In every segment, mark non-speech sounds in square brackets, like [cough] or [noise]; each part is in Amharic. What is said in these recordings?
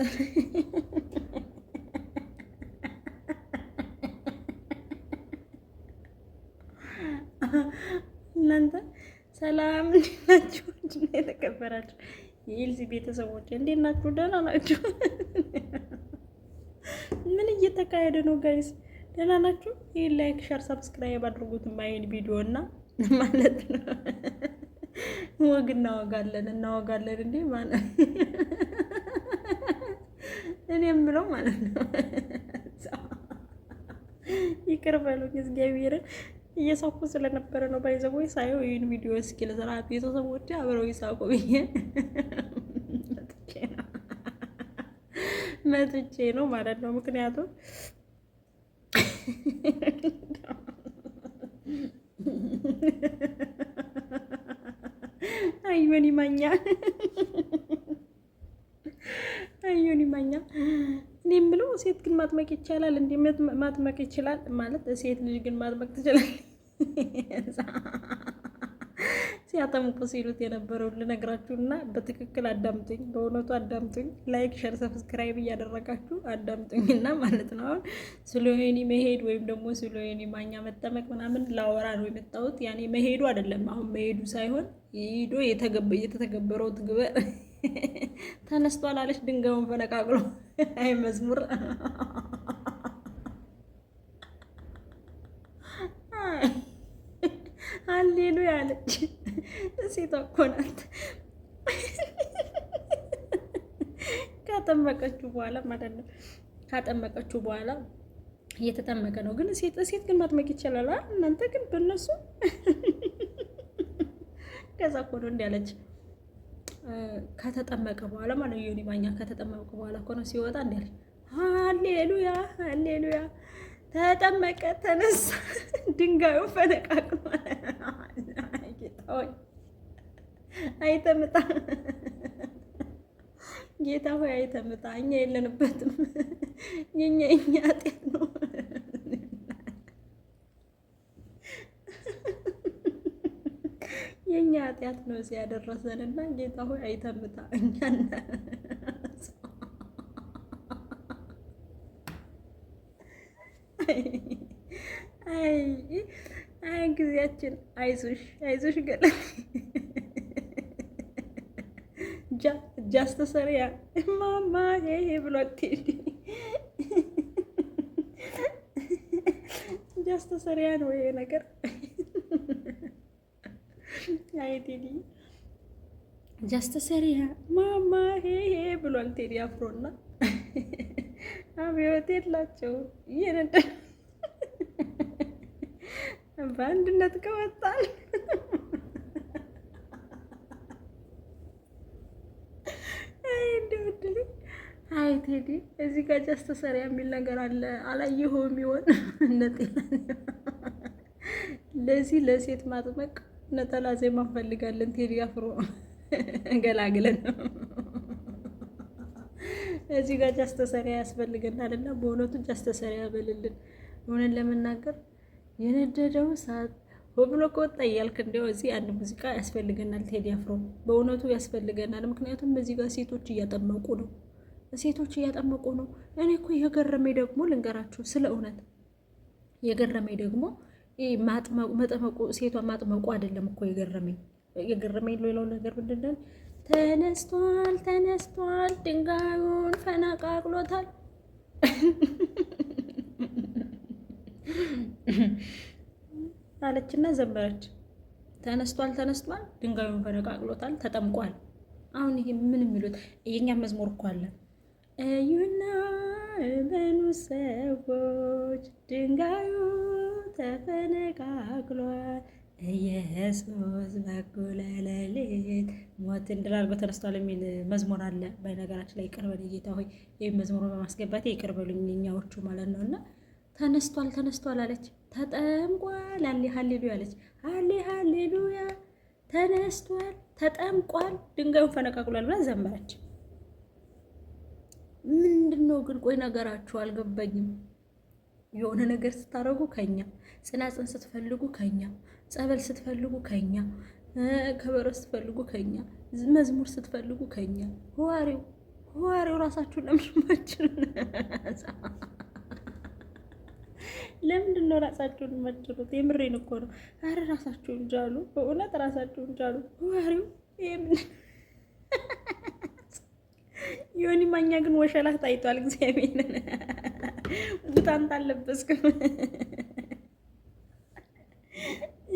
ይደርሳል። እናንተ ሰላም እንዴት ናችሁ? የተከበራችሁ የኤልሲ ቤተሰቦች እንዴት ናችሁ? ደህና ናችሁ? ምን እየተካሄደ ነው ጋይስ? ደህና ናችሁ? ይህን ላይክ፣ ሸር፣ ሰብስክራይብ አድርጉት ማይን ቪዲዮ እና ማለት ነው። ወግ እናወጋለን እናወጋለን እንዴ ማለት እኔ የምለው ማለት ነው። ይቅር በሉኝ እግዚአብሔርን እየሳኩ ስለነበረ ነው። ባይዘቦይ ሳየው ይህን ቪዲዮ እስኪ ለሰራ ቤተሰቦች አብረው ይሳቁ ብዬ መጥቼ ነው ማለት ነው። ምክንያቱም አይ ማኛ ዮኒ ይመኛ እኔ የምለው ሴት ግን ማጥመቅ ይቻላል እንዴ? ማጥመቅ ይችላል ማለት ሴት ልጅ ግን ማጥመቅ ትችላለች። ሲያጠምቁ ሲሉት የነበረውን ልነግራችሁና በትክክል አዳምጡኝ፣ በእውነቱ አዳምጡኝ። ላይክ፣ ሸር፣ ሰብስክራይብ እያደረጋችሁ አዳምጡኝና ማለት ነው። አሁን ስለ መሄድ ወይም ደግሞ ስለ ማኛ መጠመቅ ምናምን ላወራ ነው የመጣሁት። ያኔ መሄዱ አይደለም አሁን መሄዱ ሳይሆን ሄዶ የተተገበረው ትግበር ተነስቷል አለች። ድንገውን ፈነቃቅሎ አይ መዝሙር አሌሉ ያለች ሴቷ እኮ ናት። ካጠመቀችው በኋላ ማለት ነው። ካጠመቀችው በኋላ እየተጠመቀ ነው። ግን ሴት ሴት ግን ማጥመቅ ይቻላል። እናንተ ግን በእነሱ ከዛ እኮ ነው እንዲያለች ከተጠመቀ በኋላ ማለት ነው። ዮኒ ማኛ ከተጠመቀ በኋላ እኮ ነው ሲወጣ እንዳለ ሃሌሉያ ሃሌሉያ ተጠመቀ፣ ተነሳ፣ ድንጋዩ ፈነቃቅሎ አይተምጣ ጌታ ሆይ አይተምጣ፣ እኛ የለንበትም፣ የኛ እኛ ጤት ነው የእኛ ኃጢአት ነው እዚህ እና ጌታ ሆይ አይተምታ እኛን አይ ጊዜያችን አይዞሽ አይዞሽ ገለ ጃስተ ሰሪያ ማማ ይሄ ብሎት ጃስተ ሰሪያ ነው ይሄ ነገር አይቴዲ ጃስተ ሰሪያ ማማ ሄሄ ብሏል። ቴዲ አፍሮና አብዮት የላቸው እየነደ በአንድነት ከወጣል አይ ቴዲ እዚህ ጋር ጃስተ ሰሪያ የሚል ነገር አለ። አላየሁም ይሆን እነ ለዚህ ለሴት ማጥመቅ ነጠላ ዜማ እንፈልጋለን። ቴዲ አፍሮ ገላግለን እዚህ ጋር ጃስተሰሪያ ያስፈልገናል እና በእውነቱ ጃስተሰሪያ በልልን። እውነን ለመናገር የነደደው ሰዓት ብሎ ከወጣ እያልክ እንዲያው እዚህ አንድ ሙዚቃ ያስፈልገናል። ቴዲ አፍሮ በእውነቱ ያስፈልገናል። ምክንያቱም እዚህ ጋር ሴቶች እያጠመቁ ነው፣ ሴቶች እያጠመቁ ነው። እኔ እኮ የገረመኝ ደግሞ ልንገራችሁ ስለ እውነት የገረመኝ ደግሞ መጠመቁ ሴቷ ማጥመቁ አይደለም እኮ የገረመኝ የገረመኝ ሌላው ነገር ምንድነው? ተነስቷል ተነስቷል፣ ድንጋዩን ፈነቃቅሎታል። አለችና ዘመረች። ተነስቷል ተነስቷል፣ ድንጋዩን ፈነቃቅሎታል፣ ተጠምቋል። አሁን ይሄ ምን የሚሉት የኛ መዝሙር እኮ አለ እዩና እመኑ ሰዎች ድንጋዩን ተፈነቃቅሏል። ኢየሱስ በኩለ ሌሊት ሞትን ድል አድርጎ ተነስቷል የሚል መዝሙር አለ። በነገራችን ላይ ይቅር በለኝ ጌታ ሆይ ይህም መዝሙር በማስገባት ይቅር በሉኝ እኛዎቹ ማለት ነው። እና ተነስቷል ተነስቷል አለች፣ ተጠምቋል አሌ ሀሌሉያ አለች፣ አሌ ሀሌሉያ ተነስቷል፣ ተጠምቋል፣ ድንጋዩን ፈነቃቅሏል ብላ ዘመረች። ምንድን ነው ግን ቆይ ነገራችሁ አልገባኝም። የሆነ ነገር ስታደርጉ ከኛ፣ ጽናጽን ስትፈልጉ ከኛ፣ ጸበል ስትፈልጉ ከኛ፣ ከበሮ ስትፈልጉ ከኛ፣ መዝሙር ስትፈልጉ ከኛ። ህዋሪው ህዋሪው ራሳችሁን ለምድማችን ለምንድን ነው ራሳችሁን መድሩት? የምሬን እኮ ነው። አረ ራሳችሁን ጃሉ፣ በእውነት ራሳችሁን ጃሉ። ዋሪው [laughs] ዮኒ ማኛ ግን ወሸላ ታይቷል። እግዚአብሔርን ቡታን አለበስክም።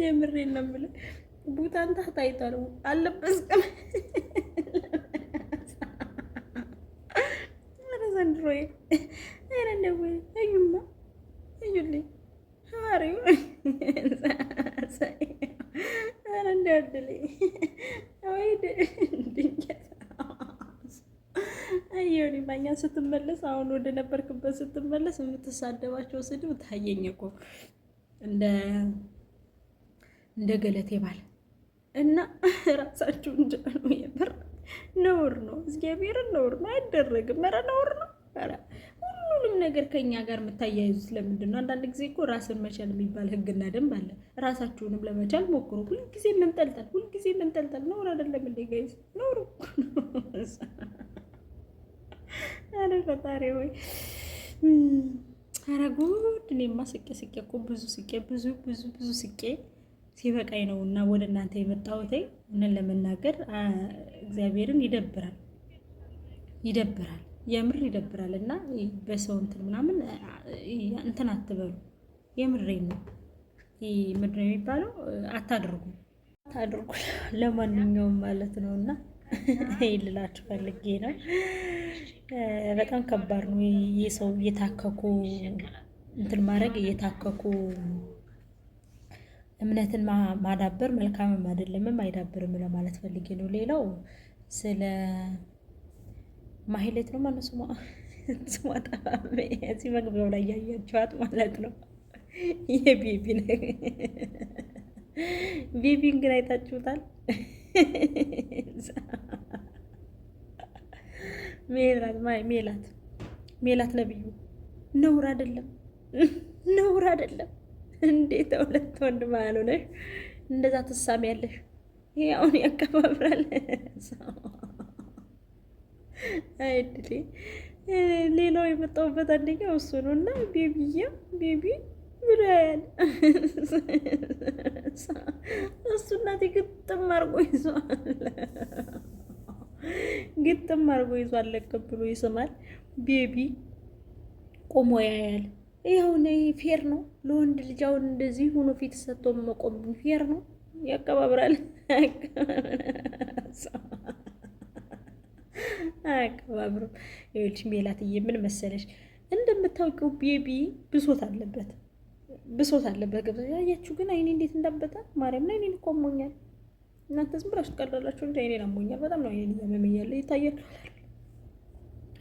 የምሬን ነው የምልህ። ቡታንት ታይቷል አለበስክም። ኧረ ዘንድሮዬ ኧረ እንደው እዩማ እዩልኝ ኧረ ወይ ይሄን ማኛን ስትመለስ አሁን ወደ ነበርክበት ስትመለስ የምትሳደባቸው ስድብ ታየኝ እኮ እንደ እንደ ገለቴ ባል እና ራሳችሁ እንጀኑ የምር ነውር ነው። እግዚአብሔርን ነውር ነው። አይደረግም። ኧረ ነውር ነው። ኧረ ሁሉንም ነገር ከኛ ጋር የምታያይዙት ለምንድን ነው? አንዳንድ ጊዜ እኮ ራስን መቻል የሚባል ሕግና ደንብ አለ። ራሳችሁንም ለመቻል ሞክሩ። ሁልጊዜ መንጠልጠል፣ ሁልጊዜ መንጠልጠል ነውር አይደለም እንዴ ጋይዝ? ነውር አረ ፈጣሪ ወይ አረ ጉድ! እኔማ ስቄ ስቄ እኮ ብዙ ስቄ ብዙ ብዙ ብዙ ስቄ ሲበቃኝ ነው እና ወደ እናንተ የመጣሁት። እውነት ለመናገር እግዚአብሔርን ይደብራል፣ ይደብራል፣ የምር ይደብራል። እና በሰው እንትን ምናምን እንትን አትበሉ። የምሬ ነው። ምንድን ነው የሚባለው? አታድርጉ፣ አታድርጉ። ለማንኛውም ማለት ነው እና ይልላችሁ ልላችሁ ፈልጌ ነው። በጣም ከባድ ነው። ሰው እየታከኩ እንትን ማድረግ እየታከኩ እምነትን ማዳበር መልካምም አይደለምም አይዳብርም ለማለት ፈልጌ ነው። ሌላው ስለ ማህሌት ነው ማለት ስሟ ስሟ ጠፋሜ እዚህ መግቢያው ላይ ያያችኋት ማለት ነው። ይሄ ነ ቢቢን ግን አይታችሁታል። [laughs] ሜላት ማይ ሜላት ሜላት ነብዩ ነውር አይደለም፣ ነውር አይደለም። እንዴት ሁለት ወንድ ወንድም ያልሆነሽ እንደዛ ትሳሚያለሽ? ይሄ ያውን ያከባብራል። አይድሌ ሌላው የመጣውበት አንደኛው እሱ ነው እና ቤቢያ ቤቢ ብሏል። እሱ እናቴ ግጥም አርጎ ይዟል፣ ግጥም አርጎ ይዟል። ለቀብሎ ይስማል። ቤቢ ቆሞ ያያል። ይኸው ይኸውን ፌር ነው ለወንድ ልጅ አሁን እንደዚህ ሆኖ ፊት ሰጥቶ መቆም ፌር ነው። ያቀባብራል አያቀባብርም። ይኸውልሽ ሜላትዬ ምን መሰለሽ እንደምታውቂው ቤቢ ብሶት አለበት ብሶት አለበት ገብቶ ያያችሁ ግን አይኔ እንዴት እንዳበጠ ማርያም ላይ እኔን እኮ አሞኛል። እናንተ ዝም ብላችሁ ትቀልዳላችሁ እንጂ አይኔን አሞኛል። በጣም ነው አይኔን እያመመኝ ያለ ይታያል።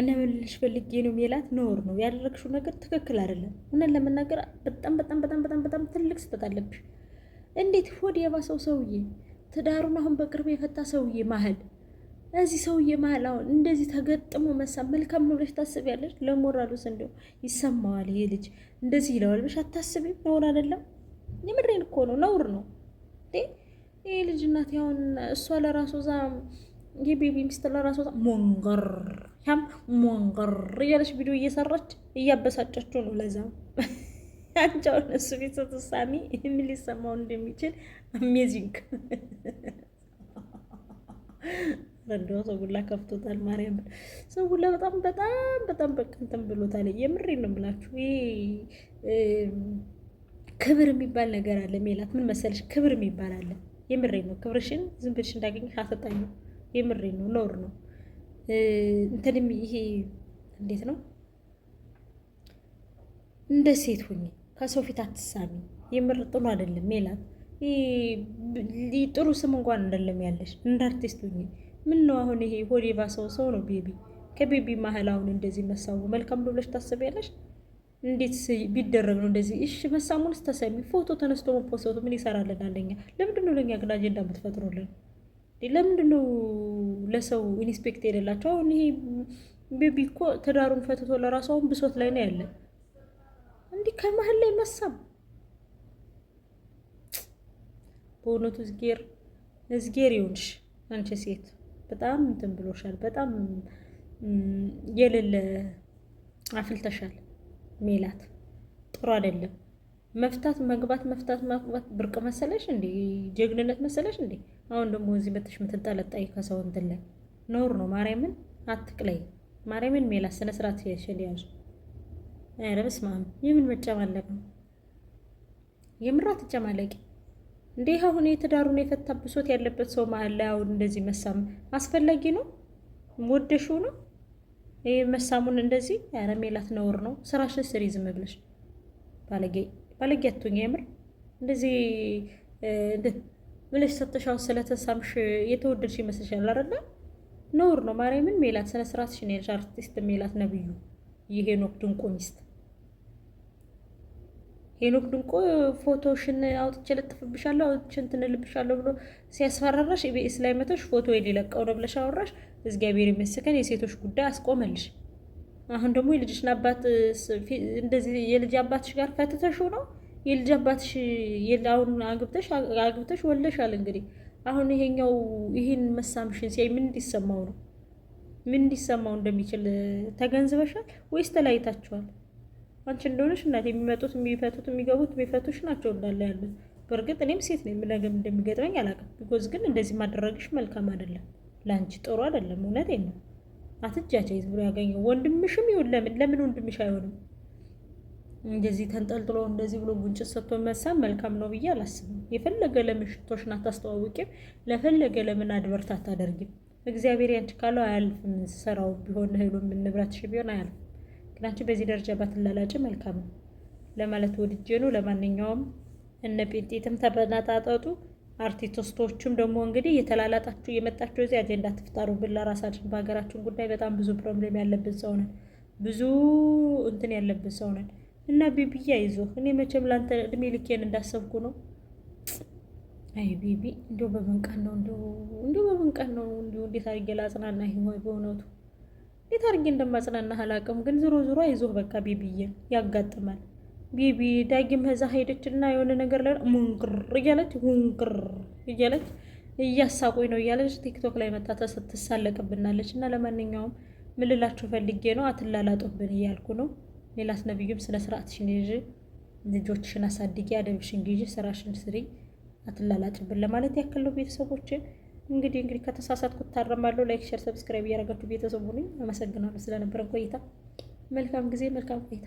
እና ምን ልልሽ ፈልጌ ነው ሜላት፣ ነውር ነው ያደረግሽው ነገር ትክክል አይደለም። እውነት ለመናገር በጣም በጣም በጣም በጣም በጣም ትልቅ ስህተት አለብሽ። እንዴት ሆድ የባሰው ሰውዬ ትዳሩን አሁን በቅርብ የፈታ ሰውዬ መሀል እዚህ ሰውዬ መሀል አሁን እንደዚህ ተገጥሞ መሳብ መልካም ነው ብለሽ ታስቢያለሽ? ለሞራሉስ እንደው ይሰማዋል ይሄ ልጅ እንደዚህ ይለዋል ብለሽ አታስቢም? ነውር አይደለም? የምሬን እኮ ነው፣ ነውር ነው። ይሄ ልጅ እናት አሁን እሷ ለራሱ እዛ የቤቢ ሚስት ለራሱ ዛ ሞንገር ያም ሞንገር እያለች ቪዲዮ እየሰራች እያበሳጨችው ነው። ለዛ አንቻውን እሱ ቤት ስትሳሚ ምን ሊሰማው እንደሚችል አሜዚንግ በእንደው ሰጉላ ከፍቶታል። ማርያም ሰጉላ በጣም በጣም በጣም በቃ እንትን ብሎታል። የምሬ ነው ብላችሁ ክብር የሚባል ነገር አለ። ሜላት ምን መሰለሽ ክብር የሚባል አለ። የምሬ ነው። ክብርሽን ዝም ብልሽ እንዳገኘሽ አሰጣኝ። የምሬ ነው። ኖር ነው። እንትንም ይሄ እንዴት ነው? እንደ ሴት ሁኝ ከሰው ፊት አትሳሚ። የምር ጥሩ አይደለም ሜላት። ጥሩ ስም እንኳን አይደለም ያለሽ። እንደ አርቲስት ሁኚ። ምን ነው አሁን ይሄ ሆዴባ ሰው ሰው ነው ቤቢ ከቤቢ ማህል አሁን እንደዚህ መሳሙ መልካም ነው ብለሽ ታስቢያለሽ? እንዴት ቢደረግ ነው እንደዚህ? እሺ መሳሙን ስተሰሚ ፎቶ ተነስቶ መፖሰቱ ምን ይሰራልን? አለኛ ለምንድን ነው ለኛ ግን አጀንዳ የምትፈጥሩልን? ለምንድን ነው ለሰው ኢንስፔክት የሌላቸው? አሁን ይሄ ቤቢ እኮ ትዳሩን ፈትቶ ለራሱ አሁን ብሶት ላይ ነው ያለ። እንዲህ ከመሀል ላይ መሳም በእውነቱ ዝጌር ዝጌር ይሁንሽ አንቺ ሴት በጣም እንትን ብሎሻል፣ በጣም የሌለ አፍልተሻል ሜላት፣ ጥሩ አይደለም። መፍታት መግባት መፍታት መግባት ብርቅ መሰለሽ እንዴ? ጀግንነት መሰለሽ እንዴ? አሁን ደግሞ እዚህ በትሽ ምትንጠለጣይ ከሰው እንትን ላይ ኖር ነው። ማርያምን አትቅለይ፣ ማርያምን ሜላ ስነ ስርዓት ሽል ያዙ። ኧረ በስመ የምን መጨማለቅ ነው? የምራ ትጨማለቂ እንዲህ አሁን የትዳሩን የፈታ ብሶት ያለበት ሰው መሀል ላይ አሁን እንደዚህ መሳም አስፈላጊ ነው? ወደሹ ነው ይህ መሳሙን እንደዚህ ኧረ ሜላት ነውር ነው። ስራሽን ስሪ ዝም ብለሽ ባለጌ ባለጌ አትሁኝ። የምር እንደዚህ ብለሽ ሰተሻውን ስለተሳምሽ የተወደድሽ ይመስልሻል? አረዳ ነውር ነው። ማርያምን ሜላት ስነስርዓትሽን ያልሽ አርቲስት ሜላት ነብዩ ይሄ ኖክ ድንቁ ሚስት ሄኖክ ድንቆ ፎቶሽን አውጥቼ ለጥፍብሻለሁ አውጥቼ እንትን እልብሻለሁ ብሎ ሲያስፈራራሽ ኢቢኤስ ላይ መተሽ ፎቶ የሌለቀው ነው ብለሽ አወራሽ። እግዚአብሔር ይመስገን የሴቶች ጉዳይ አስቆመልሽ። አሁን ደግሞ የልጅሽን አባት እንደዚህ የልጅ አባትሽ ጋር ፈትተሽው ነው የልጅ አባትሽ አሁን አግብተሽ አግብተሽ ወለሻል። እንግዲህ አሁን ይሄኛው ይህን መሳምሽን ሲያይ ምን እንዲሰማው ነው ምን እንዲሰማው እንደሚችል ተገንዝበሻል ወይስ ተለያይታችኋል? አንቺ እንደሆነሽ እናት የሚመጡት የሚፈቱት የሚገቡት የሚፈቱሽ ናቸው እንዳለ ያሉት። በእርግጥ እኔም ሴት ነው የምነገም እንደሚገጥመኝ አላውቅም። ቢኮዝ ግን እንደዚህ ማደረግሽ መልካም አይደለም፣ ለአንቺ ጥሩ አይደለም። እውነት ነው። አትጃጃይዝ ብሎ ያገኘው ወንድምሽም ይሁን ለምን ለምን ወንድምሽ አይሆንም? እንደዚህ ተንጠልጥሎ እንደዚህ ብሎ ጉንጭት ሰጥቶ መሳብ መልካም ነው ብዬ አላስብም። የፈለገ ለምን ሽቶሽን አታስተዋውቂም? ለፈለገ ለምን አድበርት አታደርጊም? እግዚአብሔር ያንቺ ካለው አያልፍም። ስራው ቢሆን ህሉ ንብረትሽ ቢሆን አያልፍም። ግን አንቺ በዚህ ደረጃ ባትላላጭ መልካም ነው ለማለት ወድጄ ነው። ለማንኛውም እነ ጴንጤትም ተበናጣጠጡ፣ አርቲስቶቹም ደግሞ እንግዲህ የተላላጣችሁ የመጣችሁ እዚህ አጀንዳ ትፍጠሩ ብላ ራሳችን በሀገራችን ጉዳይ በጣም ብዙ ፕሮብሌም ያለብን ሰው ነን፣ ብዙ እንትን ያለብን ሰው ነን እና ቢቢዬ አይዞህ። እኔ መቼም ለአንተ እድሜ ልኬን እንዳሰብኩ ነው። አይ ቢቢ እንዲሁ በምን ቀን ነው እንዲሁ በምን ቀን ነው እንዲሁ እንዴት አድርጌ ላጽናና ይሆን በእውነቱ እንዴት አድርጌ እንደማጽናና አላውቅም። ግን ዞሮ ዞሮ አይዞህ በቃ ቤቢዬ፣ ያጋጥማል። ቤቢ ዳግም ከዛ ሄደችና የሆነ ነገር ላይ ሙንቅር እያለች ሙንቅር እያለች እያሳቁኝ ነው እያለች ቲክቶክ ላይ መጣ ትሳለቅብናለች። እና ለማንኛውም ምልላችሁ ፈልጌ ነው አትላላጡብን እያልኩ ነው። ሌላት ነብዩም ስነ ስርዓትሽን ይዤ ልጆችሽን አሳድጊ፣ አደብሽን ጊዜ ስራሽን ስሪ፣ አትላላጭብን ለማለት ያክል ነው ቤተሰቦችን እንግዲህ እንግዲህ ከተሳሳትኩ ታረማለሁ። ላይክ፣ ሼር፣ ሰብስክራይብ እያደረጋችሁ ቤተሰብ ሁኑ። አመሰግናለሁ ስለነበረን ቆይታ። መልካም ጊዜ፣ መልካም ቆይታ።